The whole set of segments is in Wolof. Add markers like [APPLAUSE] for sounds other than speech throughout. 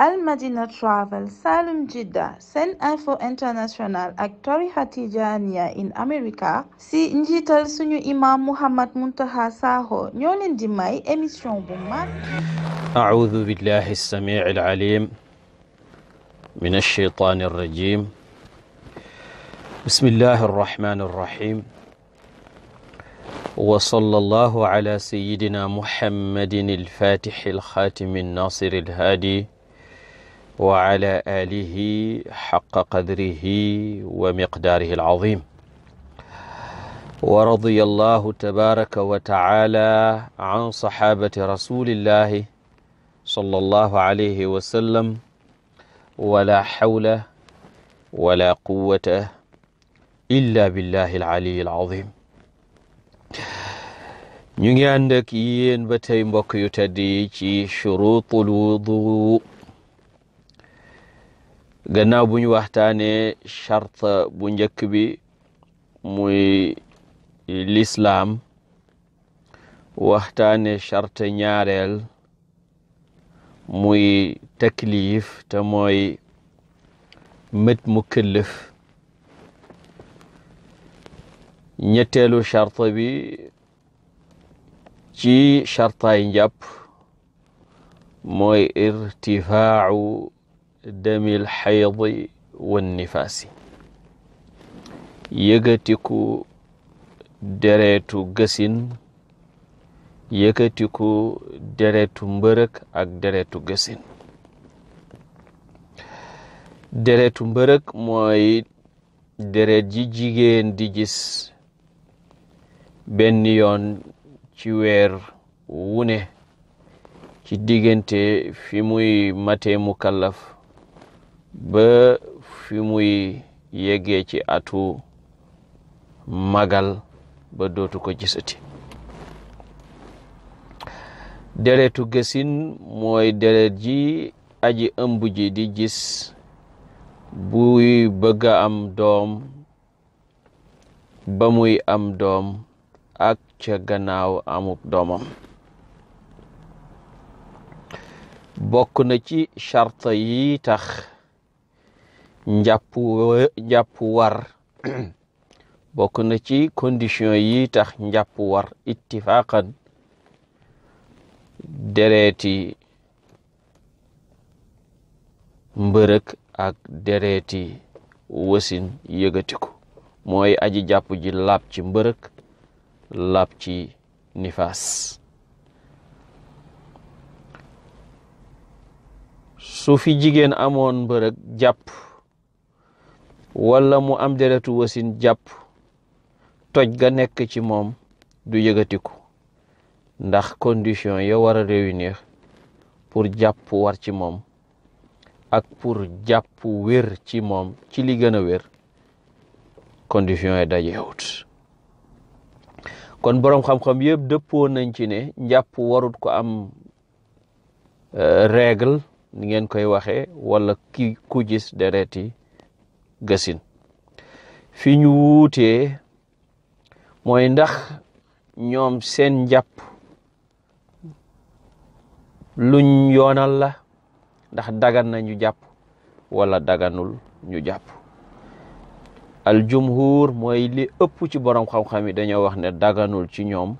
al madina travel salum jidda sen info international ak tarixa tijaniya in america si njiital suñu imam muhammad muntaha sakho ñoo leen di may émission bu mag أعوذ بالله السميع العليم من الشيطان الرجيم بسم الله الرحمن الرحيم وصلى الله على سيدنا محمد الفاتح الخاتم الناصر الهادي wa ala alihi xaqa qadrihi wa miqdaarihi alazim wa radiya allahu tabaraka wa taala an saxaabati rasulillahi sallallahu alayhi wa sallam wala xawla wala quwwata illa billahi alaliyi alazim ñu ngi ànd ak yéen ba tey mbokk yu tedd yi ci churutul wudu gannaaw buñ waxtaane waxtaanee charte bu njëkk bi muy lislaam waxtaane charte ñaareel muy taklif te mooy mët mu këllëf ñetteelu charte bi ci chartaay njàpp moy irtifaau demil xaydi wan nifaasi yëgatiku deretu gësin yëkkatiku deretu mbërëk ak deretu gësin deretu mbërëk mooy deret ji jigéen di gis benn yoon ci weer wune ci diggante fi muy matee mukallaf ba fi muy yeggee ci atu magal ba dootu ko gisati deretu gësin mooy deret ji aji ëmb ji di gis buy bëgga am doom ba muy am doom ak ca gannaaw amuk doomam bokk na ci charta yi tax njàpp war [CLEARS THROAT] bokk na ci condition yi tax njàpp war ittifaqan dereeti mbërëk ak dereeti wasin yëgatiku mooy aji jàpp ji laab ci mbërëk laab ci nifaas jigéen amoon mbërëg jàpp wala mu am deretu wasin jàpp toj ga nekk ci moom du yëgatiku ndax condition ya war a réunir pour jàpp war ci moom ak pour jàpp wér ci moom ci li gën a wér condition ya dajewut kon boroom xam-xam yëpp dëppoo nañ ci ne njàpp warut ko am euh, regle ni ngeen koy waxee wala ki ku gis deret yi gasin fi ñu wuutee mooy ndax ñoom seen njàpp luñ yoonal la ndax dagan na ñu jàpp wala daganul ñu jàpp aljumhur mooy li ëpp ci borom xam-xam yi dañoo wax ne daganul ci ñoom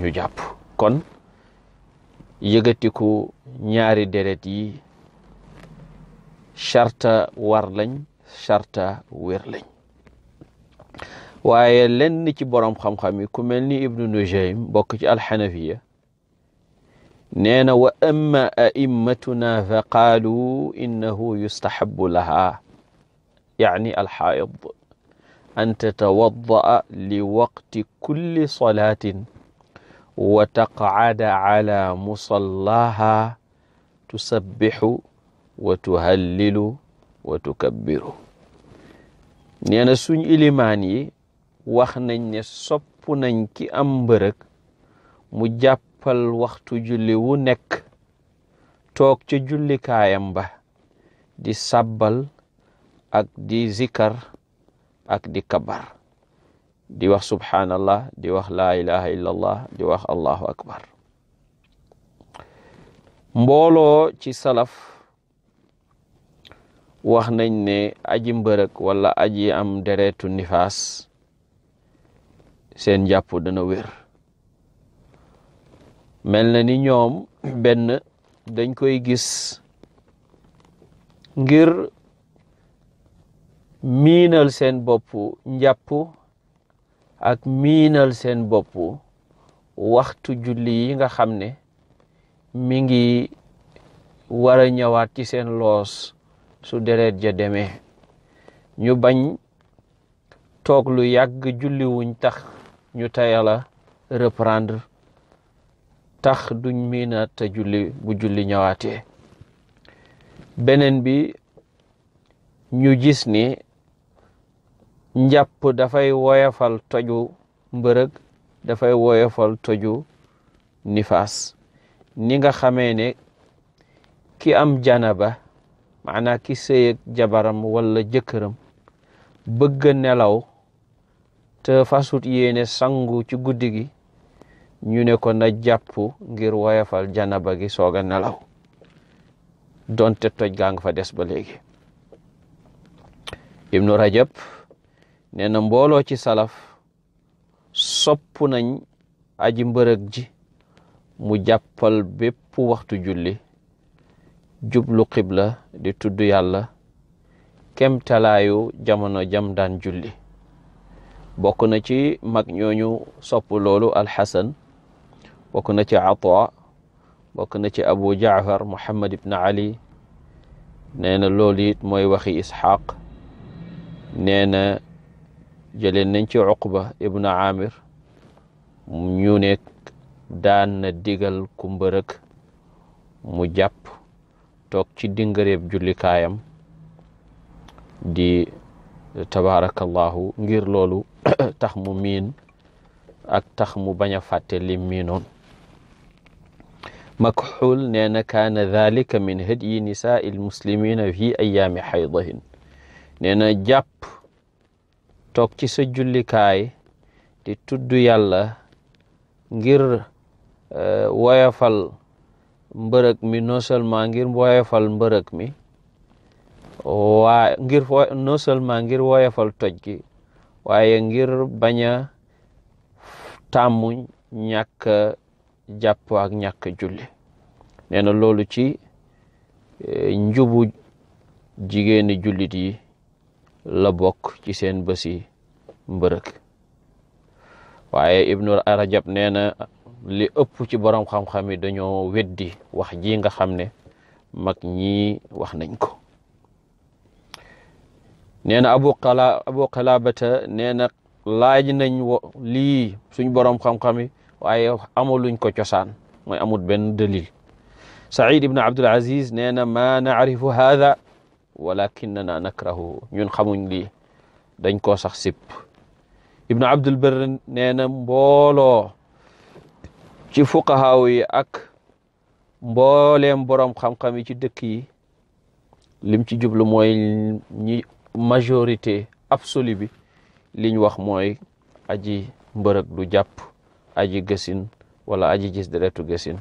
ñu jàpp kon yëgatiku ñaari deret yi charta war lañ charta wér lañ waaye lenn ci borom xam-xam yi ku mel ni ibnu nujaym bokk ci alxanafiya nee na wa amma aimmatuna fa qaalu innahu yustahabu laha yaani alxaid an tatawadda'a li waqti kulli salaatin wa taqcada ala musallaha tusabixu wa tuhallilu wa tukabbiru nee na suñ ilimaan yi wax nañ ne soppu nañ ki am mbërëg mu jàppal waxtu julli wu nekk toog ci jullikaayam ba di sabbal ak di zikar ak di kabar di wax subhanallah di wax laa ilaha illallah di wax allahu akbar mbooloo ci salaf wax nañ ne aji mbërëg wala aji am deretu nifaas seen jàpp dana wér mel na ni ñoom [CLEARS THROAT] benn dañ koy gis ngir miinal seen bopp njàpp ak miinal seen bopp waxtu julli yi nga xam ne mi ngi war ñëwaat ci seen loos su deret ja demee ñu bañ toog lu yàgg julliwuñ tax ñu tayala reprendre tax duñ miina te julli bu julli ñëwaatee beneen bi ñu gis ni njàpp dafay woyafal toju mbërëg dafay woyafal toju nifaas ni nga xamee ne ki am janaba maanaa ki sëy ak jabaram wala jëkkëram bëgg nelaw te fasut yéene sangu ci guddi gi ñu ne ko na jàpp ngir woyafal janaba gi sooga a nelaw donte toj gaa fa des ba léegi ibnu rajab nena na mbooloo ci salaf sopp nañ aji mbërëg ji mu jàppal bépp waxtu julli jublu xibla di tudd yàlla kemtalaayu jamono jam daan julli bokk na ci mag ñooñu sopp loolu alxasan bokk na ci ata bokk na ci abu jaafar muhammad ibn ali nee na loolu it mooy waxi isxaq nee na jëleen nañ ci uqba ibn amir ñu daan na digal ku mu jàpp toog ci dingareeb jullikaayam di tabaarakallahu ngir loolu [CLEARS THROAT] tax mu miin ak tax mu bañ a fàtte lim miinoon makxuul nee na kaana dalika min hadyi nisaai almuslimina fi ayaami xaydahin nee na jàpp toog ci sa jullikaay di tudd yàlla ngir eh, woyafal mbërëk mi non seulement ngir woyofal mbërëg mi waa ngir non seulement ngir woyofal toj gi waaye ngir bañ a tàmmu ñàkk jàpp ak ñàkk julli nee na loolu ci e, njubu jigéeni jullit yi la bokk ci seen bësi mbërëg waaye ibnu rajab nee li ëpp ci borom xam-xam yi dañoo weddi wax ji nga xam ne mag ñi wax nañ ko nee na abu qala abu qalabata nee na laaj nañ lii suñ borom xam-xam yi waaye amaluñ ko cosaan mooy amul benn dalil said ibn abdul aziz nee na ma naarifu haada walakinana nakrahu ñun xamuñ lii dañ ko sax sip ibn abdul bar nee na ci fuqahaaw yi ak mbooleem boroom xam-xam yi ci dëkk yi lim ci jublu mooy ñi majorité absolue bi liñ wax mooy aji mbërëg du jàpp aji gësin wala aji gis deretu gësin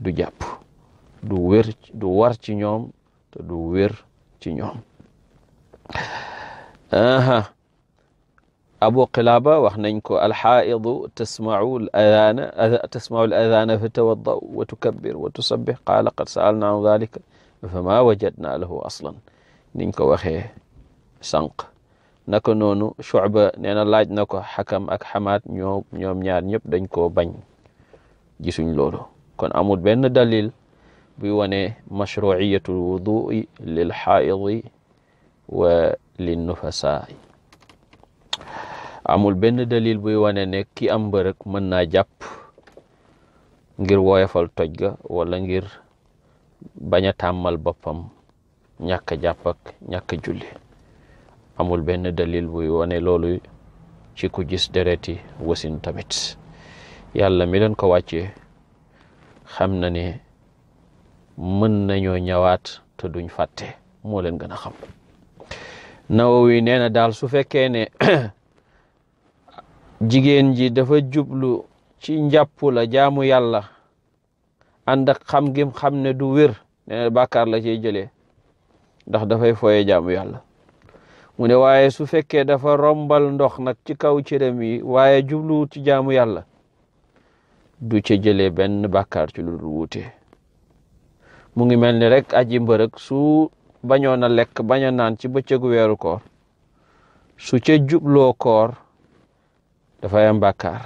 du jàpp du wér war ci ñoom te du wér ñoom aha abu qilaaba wax nañ ko alxaaidu tasmau ladana tasmau l adana fa tawaddau wa tukabbir wa tusabbih qaala qad saalnaahu dalika lahu aslan niñ ko waxee sànq naka noonu Shucba nee na laaj na ko xakam ak ñëpp dañ koo bañ gisuñ loolu kon amul benn dalil buy wane mashruciyatu lwudui lil xaaidi nufasaa amul benn dalil buy wane ne ki am mbërëg mën naa jàpp ngir woyofal toj ga wala ngir bañ a tàmmal boppam ñàkk jàpp julli amul benn dalil buy wane loolu ci ku gis dereti wasin tamit yàlla mi ko wàccee xam na ne mën nañoo ñawaat te duñ fàtte moo leen gën a xam Nawawi nee daal su fekkee [CLEARS THROAT] jigéen ji dafa jublu ci njàpp la jaamu yàlla ànd xam gim xam ne du wér ne bàkkaar la cey jëlee ndax dafay fooye jaamu yàlla mu ne su fekkee dafa rombal ndox nag ci kaw cëram yi waaye jublu ci jaamu yàlla du ca jëlee benn bàkkaar ci lu wuute mu ngi mel ni rek aji mbërëg su bañoon a lekk bañ a naan ci bëccëgu weeru koor su ca jubloo koor dafay am bàkkaar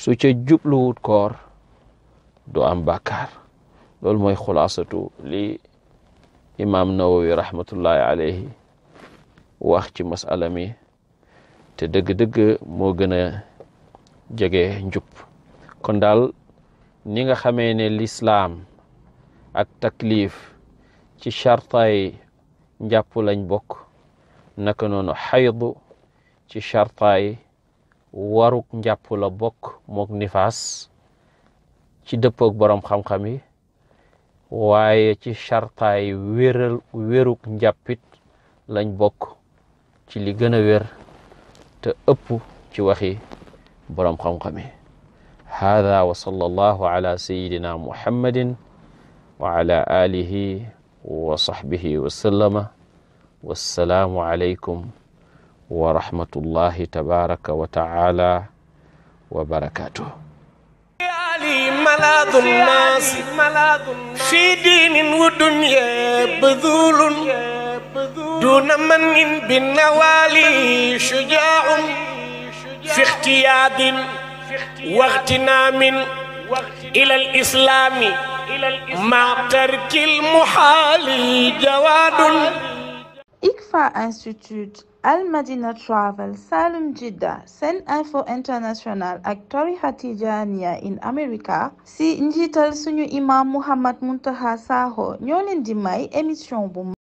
su ca jubluwut koor du am bàkkaar loolu mooy xulaasatu li imaam nawawi rahmatullahi alayhi wax ci masala mi te dëgg-dëgg moo gën a jege njub kon daal ni nga xamee ne lislaam ak taklif ci chartaay njàpp lañ bokk naka noonu xaydu ci chartaay waruk njàpp la bokk mook nifaas ci dëppook borom xam-xam yi waaye ci chartaay wéral wéruk njàppit lañ bokk ci li gën a wér te ëpp ci waxi borom xam-xam yi hada wa sallallahu ala sayidina muhammadin wa ala alihi wa sahbihi wa rahmatullahi tabaraka wa taala wa barakatuh ملاذ الناس في دين ودنيا بذول دون من بالنوالي شجاع في اختياد واغتنام إلى الإسلام مع ترك المحال جواد إكفا انستيتوت almadina madina travel salum jidda seen info international ak tarixa tijaniya in america si njiital suñu imam muhammad muntaha sakho ñoo leen di may émission bu